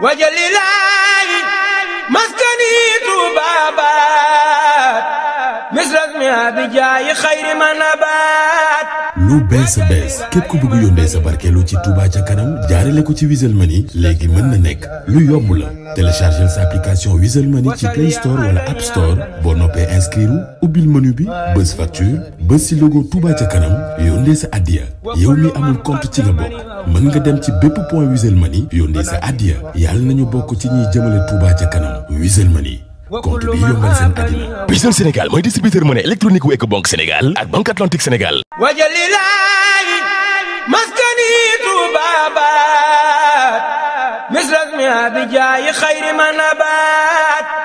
wajalilaayi maskani tubaabaat misras mi abijaayi xayri manabaat lu bees a bees képp ku bëgg yónnee sa barkeelu ci Touba ca kanam jaarale ko ci Wizall Money léegi mën na nekk lu yomb la téléchargeel sa application Wizall Money ci Play wala App Bassirou ubbil menu bi bës facture bës si logo Touba ca kanam yónnee sa addiya yow mi amul compte ci nga bokk mën nga dem ci bépp point Wizall Money yónnee sa addiya yàlla nañu bokk ci ñuy jëmale Touba ca kanam Wizall Money compte bi yombal seen àddina Wizall Sénégal mooy distributeur monnaie électronique wu Ecobank Sénégal ak Banque Atlantique Sénégal wajalilaayi maskani tubabat misras